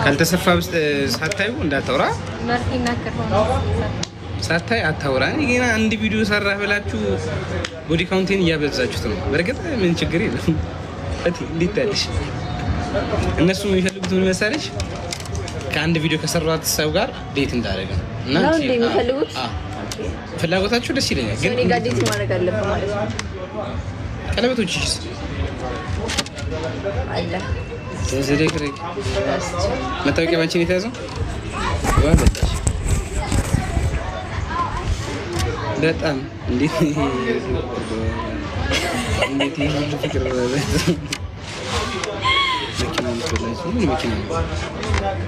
ካልተሰፋ ሳታዩ እንዳታውራ ሳታይ አታውራ። ገና አንድ ቪዲዮ ሰራ ብላችሁ ቦዲ ካውንቲን እያበዛችሁት ነው። በእርግጥ ምን ችግር የለም። እንዴት ያለሽ እነሱ የሚፈልጉት ምን መሰለሽ ከአንድ ቪዲዮ ከሰራት ሰው ጋር ዴት እንዳደረገ እና የሚፈልጉት ፍላጎታችሁ ደስ ይለኛል። ግን ቀለበቶች ጋር አለ መታወቂያ መቼ ነው የተያዘው? በጣም እንዴት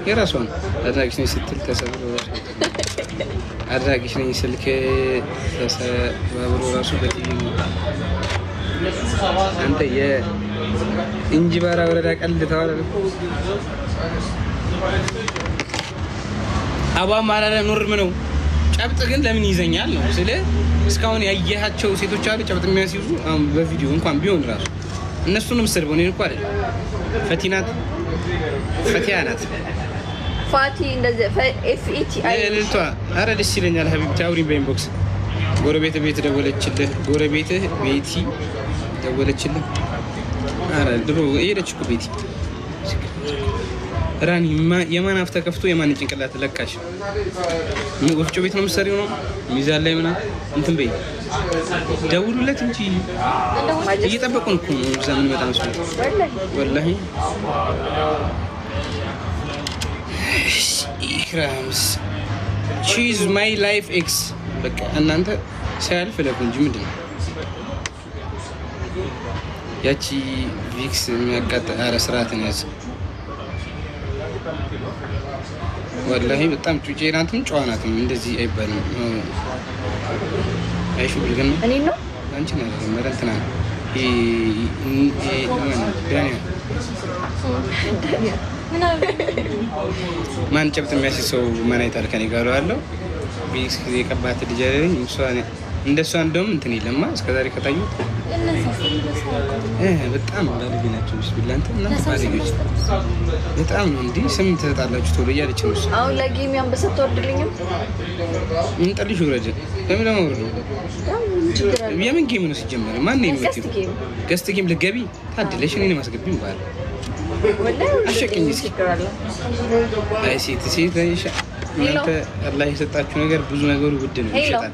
የራሷን አድራጊሽ ነኝ ስትል ተሰብሮ አድራጊሽ ነኝ ስልክ ተሰባብሮ ራሱ በትይ አንተ እንጂ ባራ ወረዳ ቀልድ ተዋረደ። አባ ማራረ ኑርም ነው። ጨብጥ ግን ለምን ይዘኛል ነው ስለ እስካሁን ያየሃቸው ሴቶች አሉ ጨብጥ የሚያስይዙ በቪዲዮ እንኳን ቢሆን ራሱ እነሱንም ስር በሆነ እንኳ አይደል ፈቲናት ፈቲያናት ፋቲ እንደዚህ ኤፍኢቲ አይ ልልቷ አረ ደስ ይለኛል። ሀቢብቲ አውሪኝ በኢንቦክስ ጎረቤት ቤት ደወለችልህ። ጎረቤት ቤቲ ደወለችልህ ይባላል። ድሮ ሄደች እኮ ቤቲ ራኒ የማን አፍ ተከፍቶ የማን ጭንቅላት ለካሽ። ወፍጮ ቤት ነው የምትሰሪው ነው ሚዛን ላይ ምናምን እንትን በይ ደውሉለት እንጂ እየጠበቁን እኮ ነው። እዛ ምን መጣን እሱ ወላሂ ኢክራምስ ቺዝ ማይ ላይፍ ኤክስ በቃ እናንተ ሳያልፍ ለኩ እንጂ ምንድን ነው ያቺ ቪክስ የሚያቃጥ አረ ስርዓት ነች። ወላሂ በጣም ጩጬ ናትም ጨዋ ናትም። እንደዚህ አይባልም። አይሹ ብልግን ነው እኔ ነው አንቺ ነው መረንትና ማን ጨብጥ የሚያስ ሰው መናይታል ከኔ ጋር አለው ቪክስ ጊዜ የቀባት ልጅ እሷ እንደሱ እንደውም እንትን የለማ እስከዛሬ ከታዩት በጣም ባለጌ ናቸው። ቢስሚላ እንትን እና ባለጌዎች በጣም ነው። እንዲህ ስም ትሰጣላችሁ ቶሎ እያለች ነው። አሁን ለጌሚ ወርድልኝም ምን ጠልሽ ውረድ። ለምን ለማውረድ ነው? የምን ጌም ነው ሲጀመር? ማን ነው የሚመጣው? ገስት ጌም ልገቢ ታድለሽ እኔን ማስገብኝ ባለ አሸቅኝ እስኪ አይ ሴት ሴት ላ የሰጣችሁ ነገር ብዙ ነገሩ ውድ ነው ይሸጣል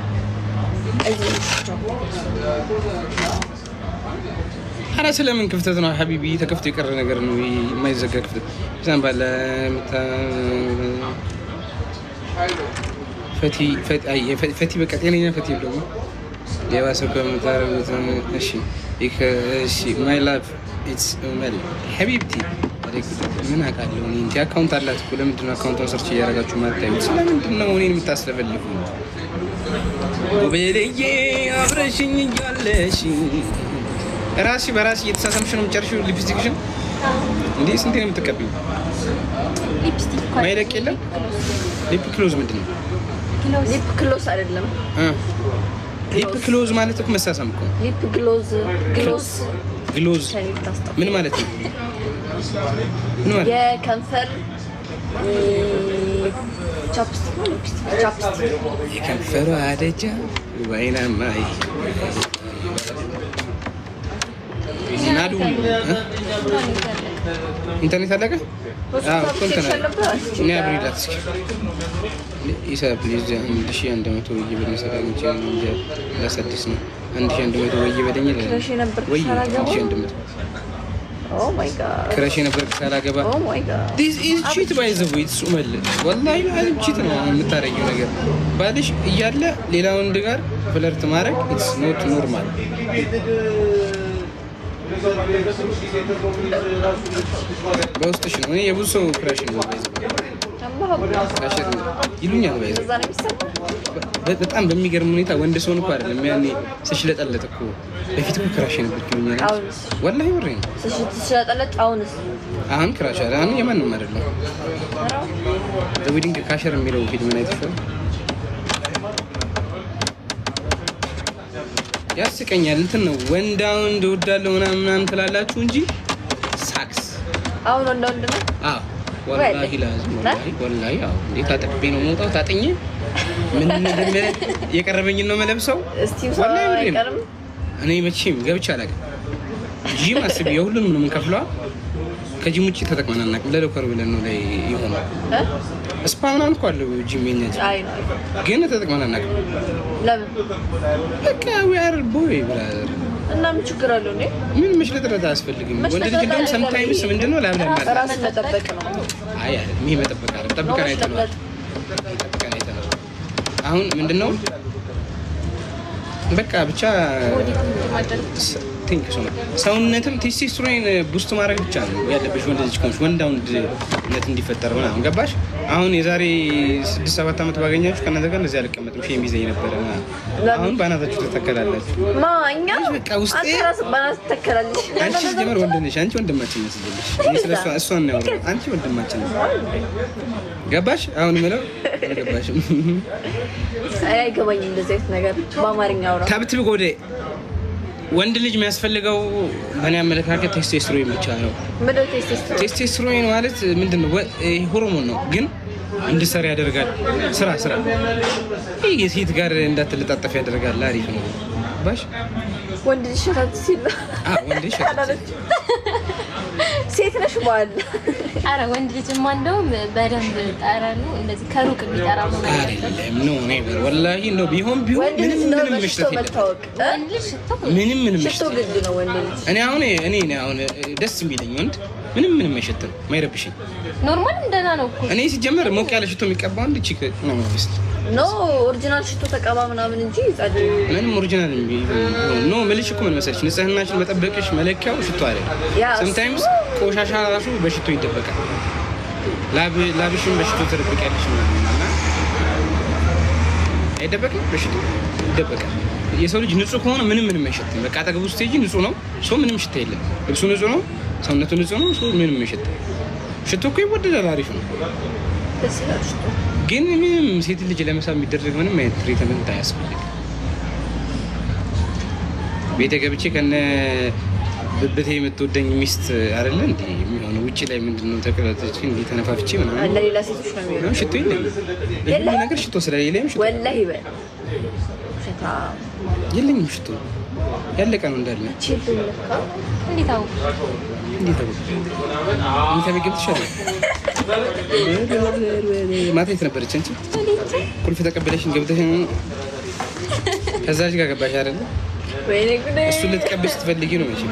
انا سلام من كفته انا حبيبي تكفت يكرر نقر نوي ما يزكى كفته زين بلا متى فتي فت اي فتي فتي بك يعني انا فتي بلوم يا واسك متار مثلا شيء يك شيء ماي لاف اتس امال حبيبتي من هكا اليوم انت اكونت على تقول لم تكون اكونت سيرتي يا راجل ما تعرفش لم تكون اني متاسف اللي فيه ውብልዬ አብረሽኝ እያለሽ ራሲ በራሲ እየተሳሳምሽ ነው የምጨርሺው። ሊፕስቲክሽን እንዴ ስንት ነው የምትቀቢው? ማይለቅ የለም። ሊፕ ክሎዝ ምንድን ነው? ሊፕ ክሎዝ አይደለም። ሊፕ ክሎዝ ማለት እኮ መሳሳም እኮ። ሊፕ ግሎዝ ግሎዝ ግሎዝ ምን ማለት ነው? ምን ማለት የከንፈር ቻፕስቲክ ቻፕስቲክ የከንፈሩ አደጃ ወይናማ ናዱ ኢንተርኔት አለቀ። እኔ አብሪላት እስኪ ኢሳ ፕሊዝ አንድ ሺህ አንድ መቶ ለስድስት ነው አንድ ሺህ አንድ መቶ በለኝ ወይ አንድ ሺህ አንድ መቶ Oh ክረሽ ነበር ሳላገባ ቺት ባይዘቡ ይጽመል ወላሂ አለም ቺት ነው የምታረጊው ነገር። ባልሽ እያለ ሌላ ወንድ ጋር ፍለርት ማድረግ ኢትስ ኖት ኖርማል። በውስጥሽ ነው። እኔ የብዙ ሰው ክረሽ ነው። ይሉኛል በጣም በሚገርም ሁኔታ ወንድ ሰውን እኮ አይደለም ያኔ ስሽለጠለጥ እኮ በፊት እኮ ክራሽ ነበር ይሉኛል። ወላሂ ወሬ ነው ስሽለጠለጥ። አሁን ክራሽ አለ። አሁን የማንም አይደለም። ካሸር የሚለው ያስቀኛል። እንትን ነው ወንዳ ወንድ እወዳለሁ ምናምን ምናምን ትላላችሁ እንጂ ሳክስ አሁን ወንዳ ወንድ ነው። አዎ ወላሂ ላዝም ወላሂ እንዴ ታጥቤ ነው መውጣው። ታጥኜ ምን የቀረበኝን ነው መለብሰው። እኔ መቼም ገብቼ አላውቅም። ጂም አስቢ የሁሉንም ነው የምንከፍለዋ። ከጂም ውጭ ተጠቅመን አናውቅም። ለዶክተር ብለን ነው ላይ የሆነ ስፓ ምናምን እኮ አለው ጂም የእኛ ግን ተጠቅመን አናውቅም። በቃ ዊ አር ቦይ ብላ እና ምን ችግር አለው? እኔ ምን መሽለጥለጥ አያስፈልግም። ወንድ ልጅ እንደውም ሰምታይምስ ምንድን ነው ላምን ያልማል ራስን መጠበቅ ነው። አይ አይደል ይሄ መጠበቅ አይደል ጠብቀን አይተነዋል። አሁን ምንድን ነው በቃ ብቻ ቴንክ ሶ ሰውነትም ቴስቴስትሮን ቡስት eh, ማድረግ ብቻ ነው ያለብሽ። ወንድ ልጅ ከሆንሽ ወንድ አውንድነት እንዲፈጠር ምናምን ገባሽ። አሁን የዛሬ ስድስት ሰባት ዓመት ባገኛችሁ ከእናንተ ጋር እንደዚህ አልቀመጥም ሼም ይዘኝ ነበረ። አሁን በአናታችሁ ትተከላላችሁ። አንቺ ሲጀመር ወንድ ነሽ። አንቺ ወንድማችን ነሽ። እሷን ነው ያወራሁ። አንቺ ወንድማችን ነሽ። ገባሽ? አሁን ምለው ገባሽ? አይገባኝም እንደዚህ ዓይነት ነገር በአማርኛ አውራ ተብትብ ጎዴ ወንድ ልጅ የሚያስፈልገው በእኔ አመለካከት ቴስቴስትሮን ብቻ ነው። ቴስቴስትሮን ማለት ምንድን ነው? ሆርሞን ነው ግን እንድሰር ያደርጋል። ስራ ስራ የሴት ጋር እንዳትለጣጠፍ ያደርጋል። አሪፍ ነው ባሽ ወንድ ልጅ ሸታት ሲል ወንድ ልጅ ሴት ነሽ ባል አረ ወንድ ልጅማ እንደውም በደንብ ጠረኑ እንደዚህ ከሩቅ የሚጠራ ሆነ ወላሂ ነው። ቢሆን ቢሆን ምንም ምንም ምሽተት ግድ ነው። ወንድ ልጅ እኔ አሁን እኔ አሁን ደስ የሚለኝ ወንድ ምንም ምንም አይሸትም፣ ማይረብሽኝ ኖርማል እንደና ነው እኮ። እኔ ሲጀመር ሞቅ ያለ ሽቶ የሚቀባው አንድ ቺክ ነው የሚመስል። ኖ ኦሪጂናል ሽቶ ተቀባ ምናምን እንጂ ጻድ ምንም ኦሪጂናል ኖ መልሽ እኮ ምን መሰለሽ፣ ንጽህናሽን መጠበቅሽ መለኪያው ሽቶ አለ። ሰምታይምስ ቆሻሻ ራሱ በሽቶ ይደበቃል። ላብ ላብሽን በሽቶ ትደብቂያለሽ ምናምን እና አይደበቅም፣ በሽቶ ይደበቃል። የሰው ልጅ ንጹህ ከሆነ ምንም ምንም አይሸትም። በቃ አጠገቡ ስትሄጂ ንጹህ ነው፣ ሰው ምንም ሽታ የለም። ልብሱ ንጹህ ነው ሰውነቱ ንጹህ ነው። ሰው ምንም የሚሸጥ ሽቶ እኮ ይወደዳል። አሪፍ ነው። ግን ምንም ሴት ልጅ ለመሳብ የሚደረግ ምንም አይነት ትሪትመንት አያስፈልግ። ቤተ ገብቼ ከነ ብብቴ የምትወደኝ ሚስት አይደለ እንደ የሚሆነው ውጭ ላይ ምንድነው ነው ተቀላጠች እንዲ ተነፋፍቼ ምናምን ሽቶ የለኝም ነገር ሽቶ ስለሌለኝ ሽቶ የለኝም። ሽቶ ያለቀ ነው እንዳለ ማታ የት ነበረች? አንቺ ቁልፍ ተቀበለሽን ገብተሽ ከዛች ጋር ገባሽ አይደለ? እሱን ልትቀበሽ ስትፈልጊ ነው መቼም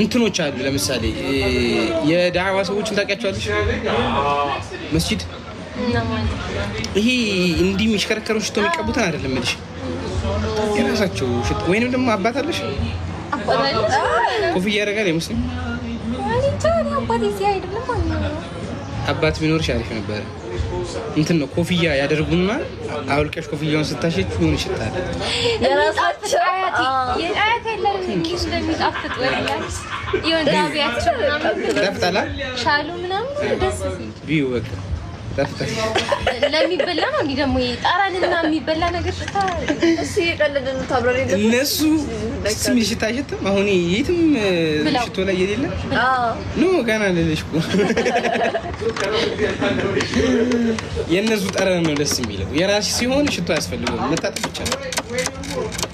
እንትኖች አሉ። ለምሳሌ የዳዕዋ ሰዎችን ታውቂያቸዋለሽ? መስጂድ ይሄ እንዲህ የሚሽከረከሩ ሽቶ የሚቀቡትን አይደለም እልሽ የራሳቸው ሽጥ ወይንም ደግሞ አባት አለሽ ኮፍያ ያደርጋል የሙስሊም አባት ቢኖርሽ አሪፍ ነበረ። እንትን ነው ኮፍያ ያደርጉና አውልቀሽ ኮፍያውን ስታሸች ሆን ይሽጣል። ጣፍጣላ ሻሉ ምናምን ደስ ጠፍተሽ ለሚበላ ነው እንዴ? ደግሞ ጠራንና የሚበላ ነገር ሽታ እሱ የቀለድን ታብረሪ እነሱ ስሚ ሽታ ሽትም አሁን የትም ሽቶ ላይ የሌለ ኖ ገና ልልሽ እኮ የእነሱ ጠረን ነው ደስ የሚለው። የራስሽ ሲሆን ሽቶ አያስፈልገውም መታጠፍ ይቻላል።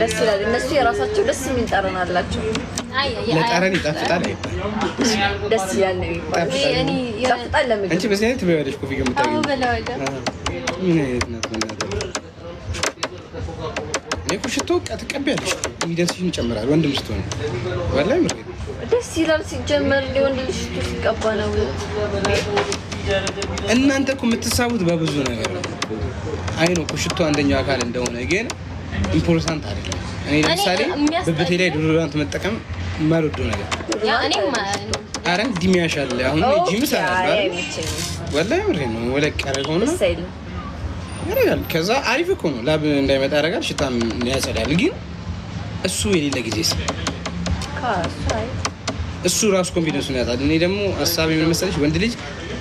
ደስ ይላል። እነሱ የራሳቸው ደስ የሚል ጠረን አላቸው። ለጠረን ይጣፍጣል ደስ ይላል ይጣፍጣል። ለምግብ አንቺ በዚህ አይነት ትበያለሽ። ኮፊ እኮ ሽቶ ይጨምራል። ወንድም ስትሆን ወላሂ ምር ደስ ይላል። ሲጀመር ወንድ ልጅ ሽቶ ሲቀባ ነው። እናንተ እኮ የምትሳቡት በብዙ ነገር ነው። አይ ነው እኮ ሽቶ አንደኛው አካል እንደሆነ ግን ኢምፖርታንት አይደለም። እኔ ለምሳሌ ብብቴ ላይ ዶዶራንት መጠቀም ማልወዶ ነገር አረ ዲሚያሽ አለ አሁን ጂምስ ያደርጋል ከዛ አሪፍ እኮ ነው። ላብ እንዳይመጣ ያደርጋል፣ ሽታም ያጸዳል። ግን እሱ የሌለ ጊዜ እሱ ራሱ ኮንፊደንሱን ያጣል። እኔ ደግሞ ሀሳብ የምን መሰለሽ ወንድ ልጅ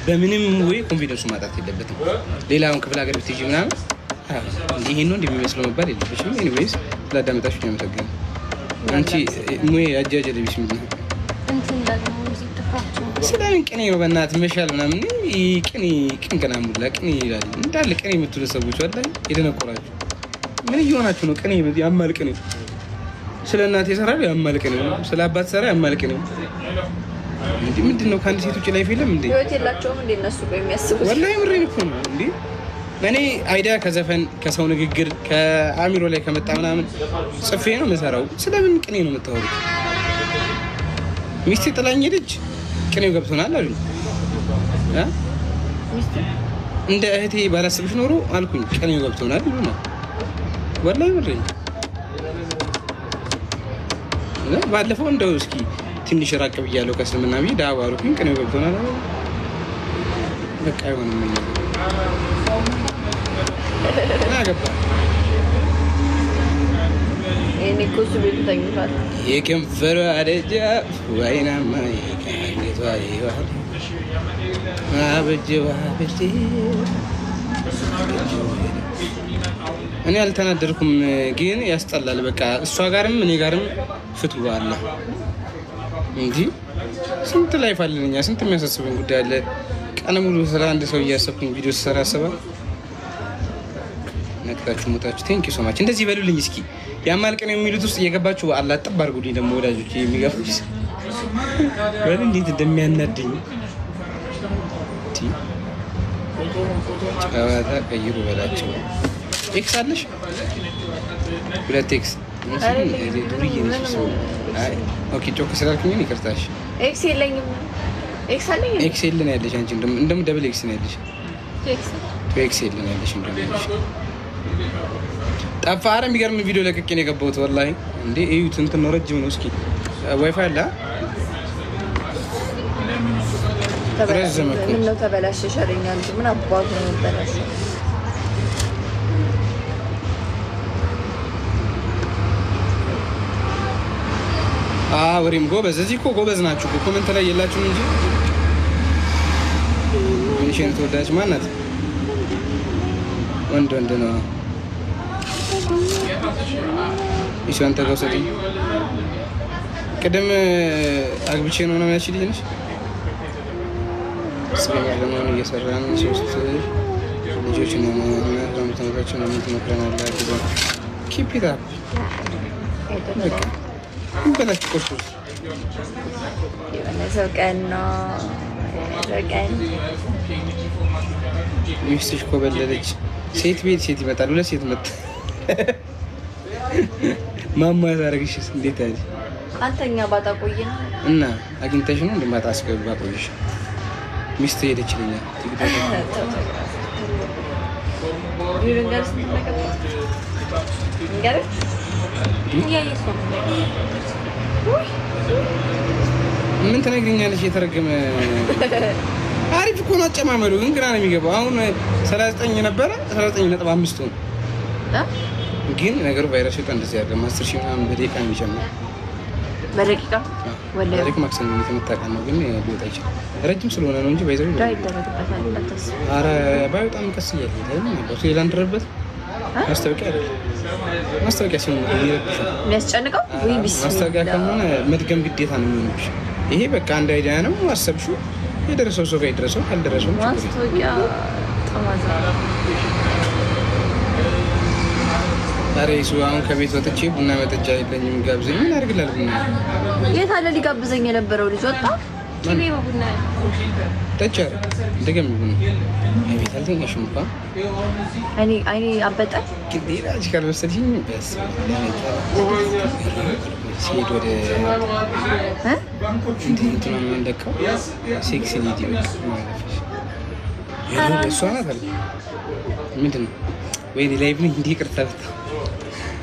በምንም ወይ ኮንፊደንሱ ማጣት የለበትም። ሌላውን ክፍለ ሀገር ብትሄጂ ምናምን ይሄን ነው እንደሚመስለው መባል የለብሽም። ኤኒዌይስ ላዳመጣሽ ያመሰግን አንቺ ሙዬ አጃጅ ለቢስ ሚ ስለምን ቅኔ ነው በእናትህ መሻል ምናምን ቅኔ ቅንቅና ሙላ ቅኔ ይላል እንዳለ ቅኔ የምትሉ ሰዎች አለ የተነቆራችሁ ምን እየሆናችሁ ነው? ቅኔ ያማል ቅኔ ስለ እናት የሰራ ያማል ቅኔ ነው። ስለ አባት ሰራ ያማል ቅኔ ነው። ምንድን ነው ከአንድ ሴት ውጭ ላይፍ የለም እንዴ? ወላሂ ምሬን እኮ ነው እንዴ እኔ አይዲያ ከዘፈን ከሰው ንግግር ከአሚሮ ላይ ከመጣ ምናምን ጽፌ ነው መሰራው። ስለምን ቅኔ ነው የምታወሩት? ሚስቴ ጥላኝ ልጅ ቅኔው ገብቶናል አሉኝ። እንደ እህቴ ባላስብሽ ኖሮ አልኩኝ። ቅኔው ገብቶናል ይሉ ነው ወላሂ ብሬ ባለፈው እንደው እስኪ ትንሽ ራቅ ብያለሁ ከእስልምና ብዬ ዳባሩኝ ቅኔው ገብቶናል በቃ አይሆንም የከንፈሯ አደጃ ወይናማ የቃጌቷ ይዋል አብጅ አብጅ እኔ አልተናደድኩም፣ ግን ያስጠላል። በቃ እሷ ጋርም እኔ ጋርም ፍቱ አለ እንጂ ስንት ላይፍ አለን እኛ፣ ስንት የሚያሳስበን ጉዳይ አለ። ቀን ሙሉ ስለ አንድ ሰው እያሰብኩኝ ቪዲዮ ስሰራ ያስባል ነጥቃችሁ መጣችሁ። ቴንክ ዩ ሶ ማች። እንደዚህ በሉልኝ እስኪ ያማልቅ ነው የሚሉት ውስጥ እየገባችሁ በአላ ጠብ አድርጉልኝ። ደግሞ ወዳጆች የሚገፋች በሉ እንዴት እንደሚያናድኝ ጨዋታ ቀይሩ በላቸው። ኤክስ አለሽ? ሁለት ኤክስ ዱርዬ ነሽ። ኦኬ ጮክ ስላልኩኝ ይቅርታሽ። ኤክስ የለኝም። ኤክስ አለኝ። ኤክስ የለን ያለሽ አንቺ እንደውም ደብል ኤክስ ነው ያለሽ። ኤክስ የለን ያለሽ እንደውም ጠፋ። አረ የሚገርም ቪዲዮ ለቅቄ ነው የገባሁት። ወላሂ እንዴ እዩት፣ እንትን ነው ረጅም ነው። እስኪ ዋይፋይ አለ ረዘመ። ምነው ተበላሸ? ሸረኛ እንጂ ምን አባቱ ነው ጎበዝ፣ እዚህ እኮ ጎበዝ ናችሁ። ኮመንት ላይ የላችሁም እንጂ ሚኒሽን ተወዳጅ ማናት? ወንድ ወንድ ነው እሷን ተከሰተኝ ቅድም አግብቼ ነው ምናምን ያልሽኝ ልጅ ነች። እየሰራን ሶስት ልጆች ነው ሰው ቀን ነው ሚስትሽ ኮበለለች። ሴት ቤት ሴት ይመጣል። ሁለት ሴት መጣ ማማ ያሳረግሽስ እንዴት አለ አንተኛ ባጣ ቆየ እና አግኝተሽ ነው እንደማጣ አስገባ ቆየሽ ሚስት ሄደችልኛል ምን ትነግሪኛለሽ? የተረገመ አሪፍ እኮ ነው አጨማመዱ፣ ግን ግራ ነው የሚገባው። አሁን 39 ነበረ 39 ነጥብ አምስቱ ነው ግን ነገሩ ቫይረስ ወጣ እንደዚህ ያለ አስር ሺህ ምናምን በደቂቃ የሚጨምር በደቂቃ ወላሂ ማክሰኞ የተመታ ቀን ነው፣ ግን ሊወጣ ይችላል። ረጅም ስለሆነ ነው እንጂ ባይዘው አረ ባይወጣም ቀስ እያለ ሌላ እንደረበት ማስታወቂያ ማስታወቂያ ሲሆን የሚያስጨንቀው ማስታወቂያ ከሆነ መድገም ግዴታ ነው የሚሆንብሽ። ይሄ በቃ አንድ አይዲያ ነው አሰብሽው፣ የደረሰው ሰው ጋር የደረሰው አልደረሰው ማስታወቂያ ጠማዛ ኧረ ይሱ አሁን ከቤት ወጥቼ ቡና መጠጫ የለኝም ጋብዘኝ። ምን አድርግላል? ቡና የት አለ? ሊጋብዘኝ የነበረው ልጅ ወጣ። ጠጪ ኧረ ድገሚ ቡና። ቤት አልተኛሽም እንኳን እኔ አይኔ አበጠ። ራጅ ካልመሰልሽኝ በስ ሲሄድ ወደ እንትና ምንደቀው ሴክስ ሊዲ እሷ ናት አለ ምንድን ነው ወይኔ ላይ ነኝ እንዲህ ቅርታ ብታ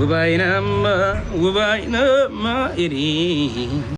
وبينما وبينما إريه